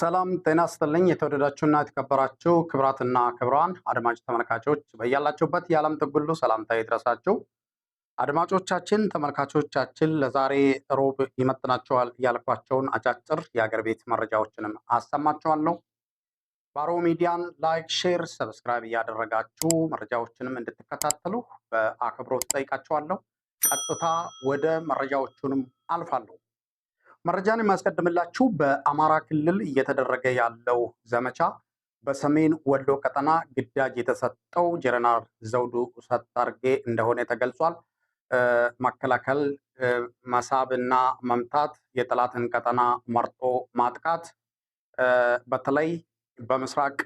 ሰላም ጤና ስጥልኝ። የተወደዳችሁና የተከበራችሁ ክብራትና ክብሯን አድማጭ ተመልካቾች በያላችሁበት የዓለም ጥግ ሁሉ ሰላምታ ይድረሳችሁ። አድማጮቻችን፣ ተመልካቾቻችን ለዛሬ ሮብ ይመጥናቸዋል ያልኳቸውን አጫጭር የአገር ቤት መረጃዎችንም አሰማችኋለሁ። ባሮ ሚዲያን ላይክ፣ ሼር፣ ሰብስክራይብ እያደረጋችሁ መረጃዎችንም እንድትከታተሉ በአክብሮት ጠይቃችኋለሁ። ቀጥታ ወደ መረጃዎቹንም አልፋለሁ። መረጃን የማስቀድምላችሁ በአማራ ክልል እየተደረገ ያለው ዘመቻ በሰሜን ወሎ ቀጠና ግዳጅ የተሰጠው ጀነራል ዘውዱ ሰታርጌ እንደሆነ ተገልጿል። መከላከል፣ መሳብና መምታት፣ የጠላትን ቀጠና መርጦ ማጥቃት በተለይ በምስራቅ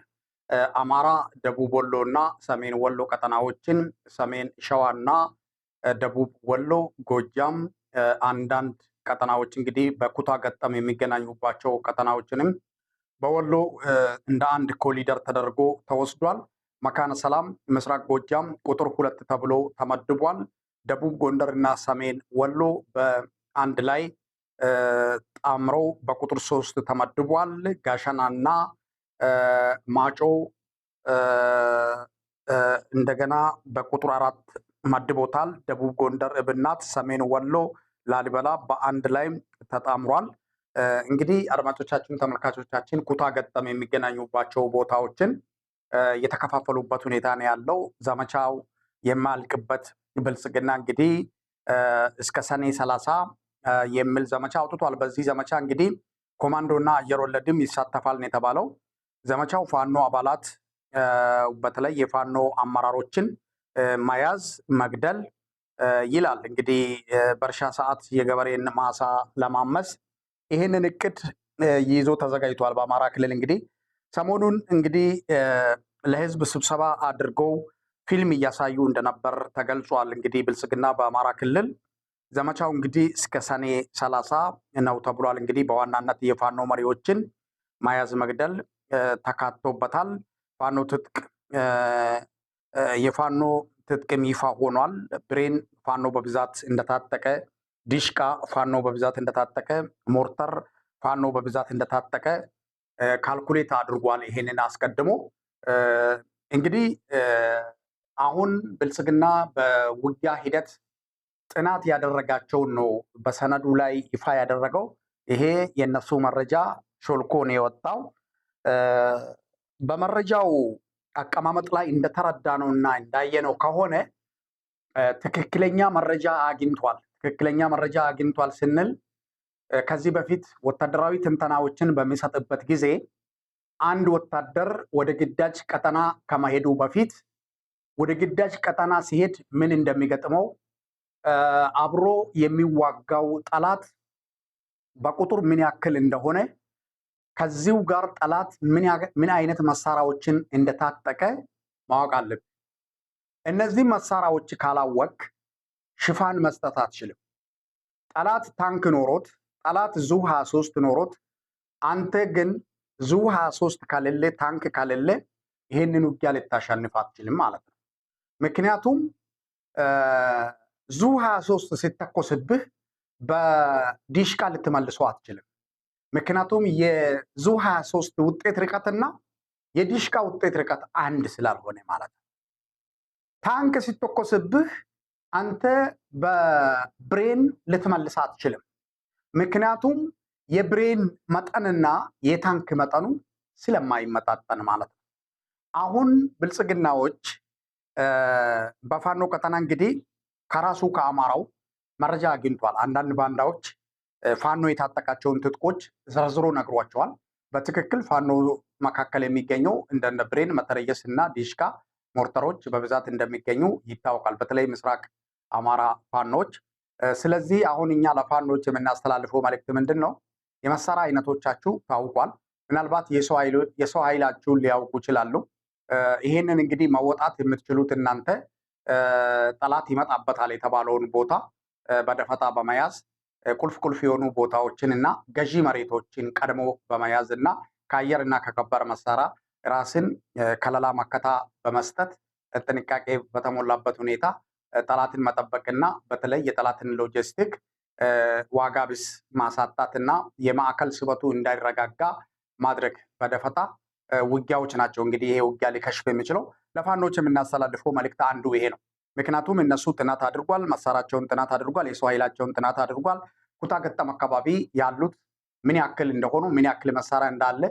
አማራ ደቡብ ወሎ እና ሰሜን ወሎ ቀጠናዎችን ሰሜን እና ደቡብ ወሎ፣ ጎጃም አንዳንድ ቀጠናዎች እንግዲህ በኩታ ገጠም የሚገናኙባቸው ቀጠናዎችንም በወሎ እንደ አንድ ኮሊደር ተደርጎ ተወስዷል። መካነ ሰላም፣ ምስራቅ ጎጃም ቁጥር ሁለት ተብሎ ተመድቧል። ደቡብ ጎንደር እና ሰሜን ወሎ በአንድ ላይ ጣምረው በቁጥር ሶስት ተመድቧል። ጋሸናና ማጮ እንደገና በቁጥር አራት መድቦታል። ደቡብ ጎንደር እብናት፣ ሰሜን ወሎ ላሊበላ በአንድ ላይ ተጣምሯል። እንግዲህ አድማጮቻችን፣ ተመልካቾቻችን ኩታ ገጠም የሚገናኙባቸው ቦታዎችን የተከፋፈሉበት ሁኔታ ነው ያለው። ዘመቻው የማልቅበት ብልጽግና እንግዲህ እስከ ሰኔ ሰላሳ የሚል ዘመቻ አውጥቷል። በዚህ ዘመቻ እንግዲህ ኮማንዶና አየር ወለድም ይሳተፋል ነው የተባለው። ዘመቻው ፋኖ አባላት በተለይ የፋኖ አመራሮችን መያዝ፣ መግደል፣ ይላል። እንግዲህ በእርሻ ሰዓት የገበሬን ማሳ ለማመስ ይህንን እቅድ ይዞ ተዘጋጅቷል። በአማራ ክልል እንግዲህ ሰሞኑን እንግዲህ ለህዝብ ስብሰባ አድርገው ፊልም እያሳዩ እንደነበር ተገልጿል። እንግዲህ ብልጽግና በአማራ ክልል ዘመቻው እንግዲህ እስከ ሰኔ ሰላሳ ነው ተብሏል። እንግዲህ በዋናነት የፋኖ መሪዎችን ማያዝ መግደል ተካቶበታል። ፋኖ ትጥቅ የፋኖ ትጥቅም ይፋ ሆኗል። ብሬን ፋኖ በብዛት እንደታጠቀ፣ ዲሽቃ ፋኖ በብዛት እንደታጠቀ፣ ሞርተር ፋኖ በብዛት እንደታጠቀ ካልኩሌት አድርጓል። ይሄንን አስቀድሞ እንግዲህ አሁን ብልጽግና በውጊያ ሂደት ጥናት ያደረጋቸውን ነው በሰነዱ ላይ ይፋ ያደረገው። ይሄ የእነሱ መረጃ ሾልኮ ነው የወጣው። በመረጃው አቀማመጥ ላይ እንደተረዳ ነው እና እንዳየነው ከሆነ ትክክለኛ መረጃ አግኝቷል። ትክክለኛ መረጃ አግኝቷል ስንል ከዚህ በፊት ወታደራዊ ትንተናዎችን በሚሰጥበት ጊዜ አንድ ወታደር ወደ ግዳጅ ቀጠና ከመሄዱ በፊት ወደ ግዳጅ ቀጠና ሲሄድ ምን እንደሚገጥመው አብሮ የሚዋጋው ጠላት በቁጥር ምን ያክል እንደሆነ ከዚሁ ጋር ጠላት ምን አይነት መሳሪያዎችን እንደታጠቀ ማወቅ አለብን። እነዚህ መሳሪያዎች ካላወቅ ሽፋን መስጠት አትችልም። ጠላት ታንክ ኖሮት፣ ጠላት ዙ 23 ኖሮት፣ አንተ ግን ዙ 23 ከሌለ ታንክ ከሌለ ይሄንን ውጊያ ልታሸንፍ አትችልም ማለት ነው። ምክንያቱም ዙ 23 ሲተኮስብህ በዲሽቃ ልትመልሶ አትችልም። ምክንያቱም የዙ 23 ውጤት ርቀትና የዲሽቃ ውጤት ርቀት አንድ ስላልሆነ ማለት ነው። ታንክ ሲተኮስብህ አንተ በብሬን ልትመልስ አትችልም። ምክንያቱም የብሬን መጠንና የታንክ መጠኑ ስለማይመጣጠን ማለት ነው። አሁን ብልጽግናዎች በፋኖ ቀጠና እንግዲህ ከራሱ ከአማራው መረጃ አግኝቷል። አንዳንድ ባንዳዎች ፋኖ የታጠቃቸውን ትጥቆች ዘርዝሮ ነግሯቸዋል። በትክክል ፋኖ መካከል የሚገኘው እንደነ ብሬን፣ መተረየስ እና ዲሽካ ሞርተሮች በብዛት እንደሚገኙ ይታወቃል። በተለይ ምስራቅ አማራ ፋኖች። ስለዚህ አሁን እኛ ለፋኖች የምናስተላልፈው መልእክት ምንድን ነው? የመሳሪያ አይነቶቻችሁ ታውቋል። ምናልባት የሰው ኃይላችሁን ሊያውቁ ይችላሉ። ይህንን እንግዲህ መወጣት የምትችሉት እናንተ ጠላት ይመጣበታል የተባለውን ቦታ በደፈጣ በመያዝ ቁልፍ ቁልፍ የሆኑ ቦታዎችን እና ገዢ መሬቶችን ቀድሞ በመያዝ እና ከአየር እና ከከባድ መሳሪያ ራስን ከለላ መከታ በመስጠት ጥንቃቄ በተሞላበት ሁኔታ ጠላትን መጠበቅና በተለይ የጠላትን ሎጂስቲክ ዋጋ ቢስ ማሳጣት እና የማዕከል ስበቱ እንዳይረጋጋ ማድረግ በደፈታ ውጊያዎች ናቸው። እንግዲህ ይሄ ውጊያ ሊከሽፍ የሚችለው ለፋኖች የምናስተላልፈው መልእክት አንዱ ይሄ ነው። ምክንያቱም እነሱ ጥናት አድርጓል፣ መሳሪያቸውን ጥናት አድርጓል፣ የሰው ኃይላቸውን ጥናት አድርጓል፣ ኩታ ገጠም አካባቢ ያሉት ምን ያክል እንደሆኑ ምን ያክል መሳሪያ እንዳለ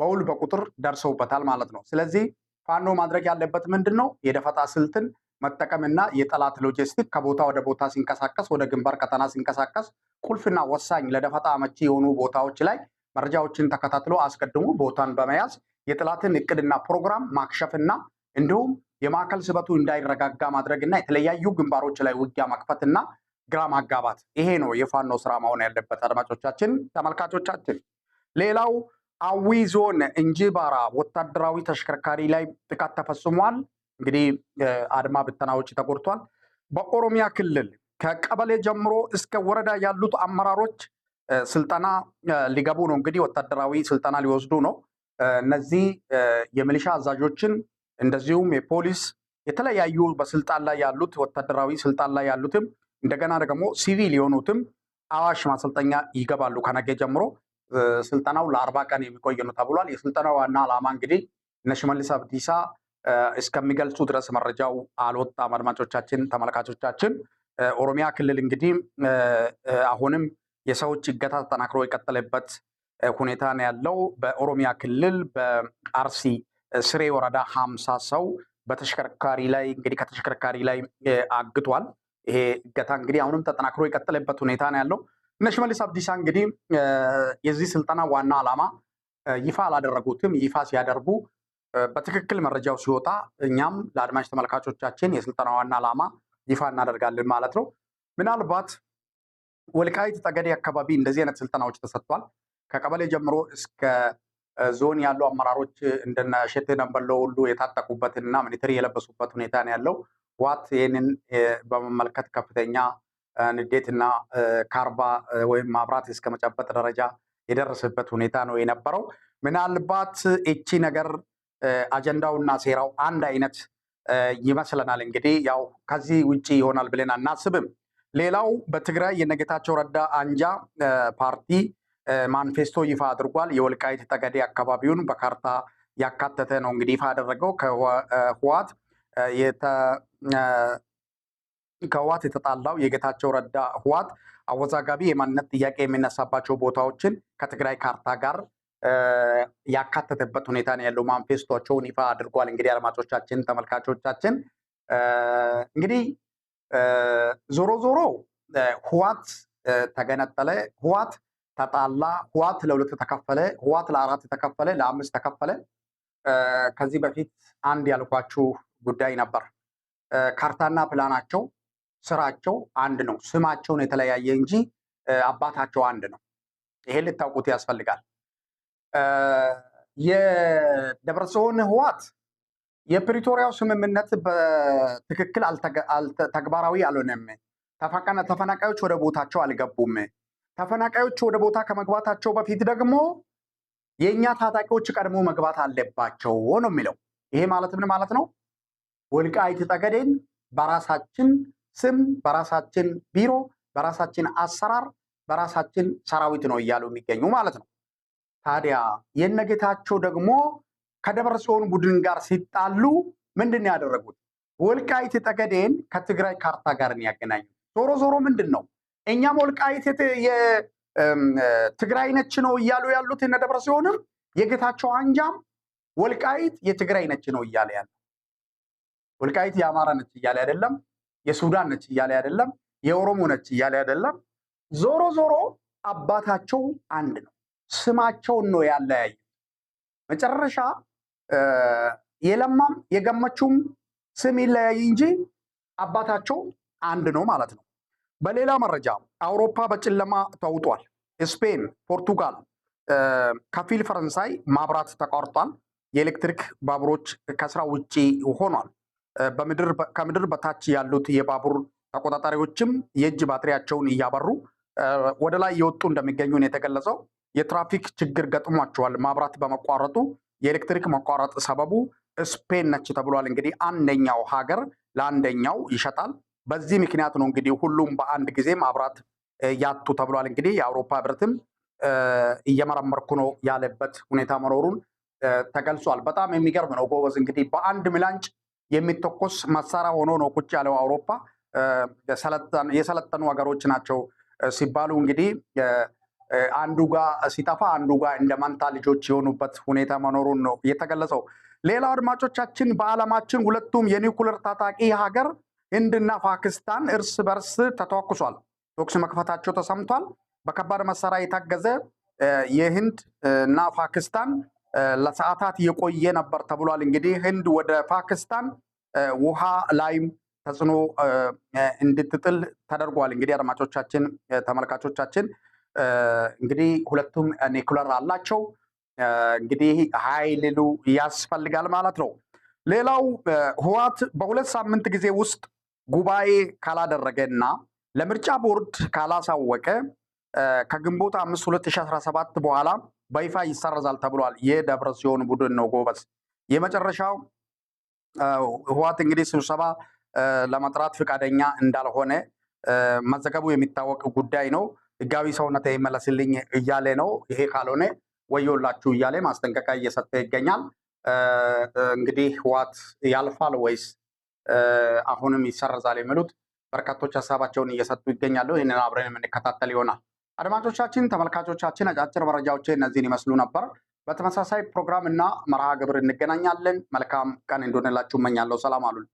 በውል በቁጥር ደርሰውበታል ማለት ነው። ስለዚህ ፋኖ ማድረግ ያለበት ምንድን ነው? የደፈጣ ስልትን መጠቀምና የጠላት ሎጂስቲክ ከቦታ ወደ ቦታ ሲንቀሳቀስ፣ ወደ ግንባር ቀጠና ሲንቀሳቀስ ቁልፍና ወሳኝ ለደፈጣ አመቺ የሆኑ ቦታዎች ላይ መረጃዎችን ተከታትሎ አስቀድሞ ቦታን በመያዝ የጠላትን እቅድና ፕሮግራም ማክሸፍና እንዲሁም የማዕከል ስበቱ እንዳይረጋጋ ማድረግና የተለያዩ ግንባሮች ላይ ውጊያ መክፈትና ግራ ማጋባት። ይሄ ነው የፋኖ ስራ መሆን ያለበት። አድማጮቻችን፣ ተመልካቾቻችን፣ ሌላው አዊ ዞን እንጂባራ ወታደራዊ ተሽከርካሪ ላይ ጥቃት ተፈጽሟል። እንግዲህ አድማ ብተናዎች ተጎድቷል። በኦሮሚያ ክልል ከቀበሌ ጀምሮ እስከ ወረዳ ያሉት አመራሮች ስልጠና ሊገቡ ነው። እንግዲህ ወታደራዊ ስልጠና ሊወስዱ ነው። እነዚህ የሚሊሻ አዛዦችን እንደዚሁም የፖሊስ የተለያዩ በስልጣን ላይ ያሉት ወታደራዊ ስልጣን ላይ ያሉትም እንደገና ደግሞ ሲቪል የሆኑትም አዋሽ ማሰልጠኛ ይገባሉ። ከነገ ጀምሮ ስልጠናው ለአርባ ቀን የሚቆይ ነው ተብሏል። የስልጠናው ዋና ዓላማ እንግዲህ እነ ሽመልስ አብዲሳ እስከሚገልጹ ድረስ መረጃው አልወጣም። አድማጮቻችን፣ ተመልካቾቻችን ኦሮሚያ ክልል እንግዲህ አሁንም የሰዎች እገታ ተጠናክሮ የቀጠለበት ሁኔታ ነው ያለው። በኦሮሚያ ክልል በአርሲ ስሬ ወረዳ ሀምሳ ሰው በተሽከርካሪ ላይ እንግዲህ ከተሽከርካሪ ላይ አግቷል። ይሄ እገታ እንግዲህ አሁንም ተጠናክሮ የቀጠለበት ሁኔታ ነው ያለው። እነ ሽመልስ አብዲሳ እንግዲህ የዚህ ስልጠና ዋና ዓላማ ይፋ አላደረጉትም። ይፋ ሲያደርጉ በትክክል መረጃው ሲወጣ እኛም ለአድማጭ ተመልካቾቻችን የስልጠና ዋና ዓላማ ይፋ እናደርጋለን ማለት ነው። ምናልባት ወልቃይት ጠገዴ አካባቢ እንደዚህ አይነት ስልጠናዎች ተሰጥቷል። ከቀበሌ ጀምሮ እስከ ዞን ያሉ አመራሮች እንደነ ሸቴ ደንበለው ሁሉ የታጠቁበትና ሚኒትሪ የለበሱበት ሁኔታ ነው ያለው። ህወሓት ይህንን በመመልከት ከፍተኛ ንዴትና ካርባ ወይም ማብራት እስከ ደረጃ የደረሰበት ሁኔታ ነው የነበረው። ምናልባት እቺ ነገር አጀንዳውና ሴራው አንድ አይነት ይመስለናል። እንግዲህ ያው ከዚህ ውጭ ይሆናል ብለን አናስብም። ሌላው በትግራይ የነጌታቸው ረዳ አንጃ ፓርቲ ማንፌስቶ ይፋ አድርጓል። የወልቃይት ጠገዴ አካባቢውን በካርታ ያካተተ ነው እንግዲህ ይፋ ያደረገው ከህወሓት ከህዋት የተጣላው የጌታቸው ረዳ ህዋት አወዛጋቢ የማንነት ጥያቄ የሚነሳባቸው ቦታዎችን ከትግራይ ካርታ ጋር ያካተተበት ሁኔታ ነው ያለው። ማንፌስቶቸውን ይፋ አድርጓል። እንግዲህ አድማጮቻችን፣ ተመልካቾቻችን እንግዲህ ዞሮ ዞሮ ህዋት ተገነጠለ፣ ህዋት ተጣላ፣ ህዋት ለሁለት ተከፈለ፣ ህዋት ለአራት ተከፈለ፣ ለአምስት ተከፈለ። ከዚህ በፊት አንድ ያልኳችሁ ጉዳይ ነበር። ካርታና ፕላናቸው፣ ስራቸው አንድ ነው። ስማቸውን የተለያየ እንጂ አባታቸው አንድ ነው። ይሄ ልታውቁት ያስፈልጋል። የደብረጽዮን ህዋት የፕሪቶሪያው ስምምነት በትክክል ተግባራዊ አልሆነም። ተፈናቃዮች ወደ ቦታቸው አልገቡም። ተፈናቃዮች ወደ ቦታ ከመግባታቸው በፊት ደግሞ የእኛ ታጣቂዎች ቀድሞ መግባት አለባቸው ነው የሚለው። ይሄ ማለት ምን ማለት ነው? ወልቃይት ጠገዴን በራሳችን ስም በራሳችን ቢሮ በራሳችን አሰራር በራሳችን ሰራዊት ነው እያሉ የሚገኙ ማለት ነው። ታዲያ የነጌታቸው ደግሞ ከደብረ ጽዮን ቡድን ጋር ሲጣሉ ምንድን ነው ያደረጉት? ወልቃይት ጠገዴን ከትግራይ ካርታ ጋር ያገናኙ። ዞሮ ዞሮ ምንድን ነው እኛም ወልቃይት ትግራይ ነች ነው እያሉ ያሉት እነ ደብረ ጽዮንም የጌታቸው አንጃም ወልቃይት የትግራይ ነች ነው እያለ ያለ ወልቃይት የአማራ ነች እያለ አይደለም፣ የሱዳን ነች እያለ አይደለም፣ የኦሮሞ ነች እያለ አይደለም። ዞሮ ዞሮ አባታቸው አንድ ነው። ስማቸውን ነው ያለያዩ። መጨረሻ የለማም የገመችውም ስም ይለያይ እንጂ አባታቸው አንድ ነው ማለት ነው። በሌላ መረጃ አውሮፓ በጨለማ ተውጧል። ስፔን፣ ፖርቱጋል፣ ከፊል ፈረንሳይ ማብራት ተቋርጧል። የኤሌክትሪክ ባቡሮች ከስራ ውጭ ሆኗል። ከምድር በታች ያሉት የባቡር ተቆጣጣሪዎችም የእጅ ባትሪያቸውን እያበሩ ወደ ላይ የወጡ እንደሚገኙ ነው የተገለጸው። የትራፊክ ችግር ገጥሟቸዋል። ማብራት በመቋረጡ የኤሌክትሪክ መቋረጥ ሰበቡ ስፔን ነች ተብሏል። እንግዲህ አንደኛው ሀገር ለአንደኛው ይሸጣል። በዚህ ምክንያት ነው እንግዲህ ሁሉም በአንድ ጊዜ ማብራት ያጡ ተብሏል። እንግዲህ የአውሮፓ ህብረትም እየመረመርኩ ነው ያለበት ሁኔታ መኖሩን ተገልጿል። በጣም የሚገርም ነው ጎበዝ። እንግዲህ በአንድ ምላንጭ የሚተኮስ መሳሪያ ሆኖ ነው ቁጭ ያለው። አውሮፓ የሰለጠኑ ሀገሮች ናቸው ሲባሉ እንግዲህ አንዱ ጋር ሲጠፋ አንዱ ጋር እንደ መንታ ልጆች የሆኑበት ሁኔታ መኖሩን ነው የተገለጸው። ሌላው አድማጮቻችን፣ በዓለማችን ሁለቱም የኒውክለር ታጣቂ ሀገር ህንድና ፓኪስታን እርስ በርስ ተተኩሷል። ተኩስ መክፈታቸው ተሰምቷል። በከባድ መሳሪያ የታገዘ የህንድ እና ፓኪስታን ለሰዓታት የቆየ ነበር ተብሏል። እንግዲህ ህንድ ወደ ፓኪስታን ውሃ ላይም ተጽዕኖ እንድትጥል ተደርጓል። እንግዲህ አድማጮቻችን፣ ተመልካቾቻችን እንግዲህ ሁለቱም ኒኩለር አላቸው። እንግዲህ ሀይልሉ ያስፈልጋል ማለት ነው። ሌላው ህዋት በሁለት ሳምንት ጊዜ ውስጥ ጉባኤ ካላደረገ እና ለምርጫ ቦርድ ካላሳወቀ ከግንቦት አምስት 2017 በኋላ በይፋ ይሰረዛል ተብሏል። ይህ ደብረ ሲሆን ቡድን ነው ጎበዝ። የመጨረሻው ህዋት እንግዲህ ስብሰባ ለመጥራት ፍቃደኛ እንዳልሆነ መዘገቡ የሚታወቅ ጉዳይ ነው። ህጋዊ ሰውነት ይመለስልኝ እያለ ነው። ይሄ ካልሆነ ወዮላችሁ እያለ ማስጠንቀቂያ እየሰጠ ይገኛል። እንግዲህ ህዋት ያልፋል ወይስ አሁንም ይሰረዛል የሚሉት በርካቶች ሀሳባቸውን እየሰጡ ይገኛሉ። ይህንን አብረን የምንከታተል ይሆናል። አድማጮቻችን፣ ተመልካቾቻችን አጫጭር መረጃዎች እነዚህን ይመስሉ ነበር። በተመሳሳይ ፕሮግራም እና መርሃ ግብር እንገናኛለን። መልካም ቀን እንደሆነላችሁ እመኛለሁ። ሰላም አሉን።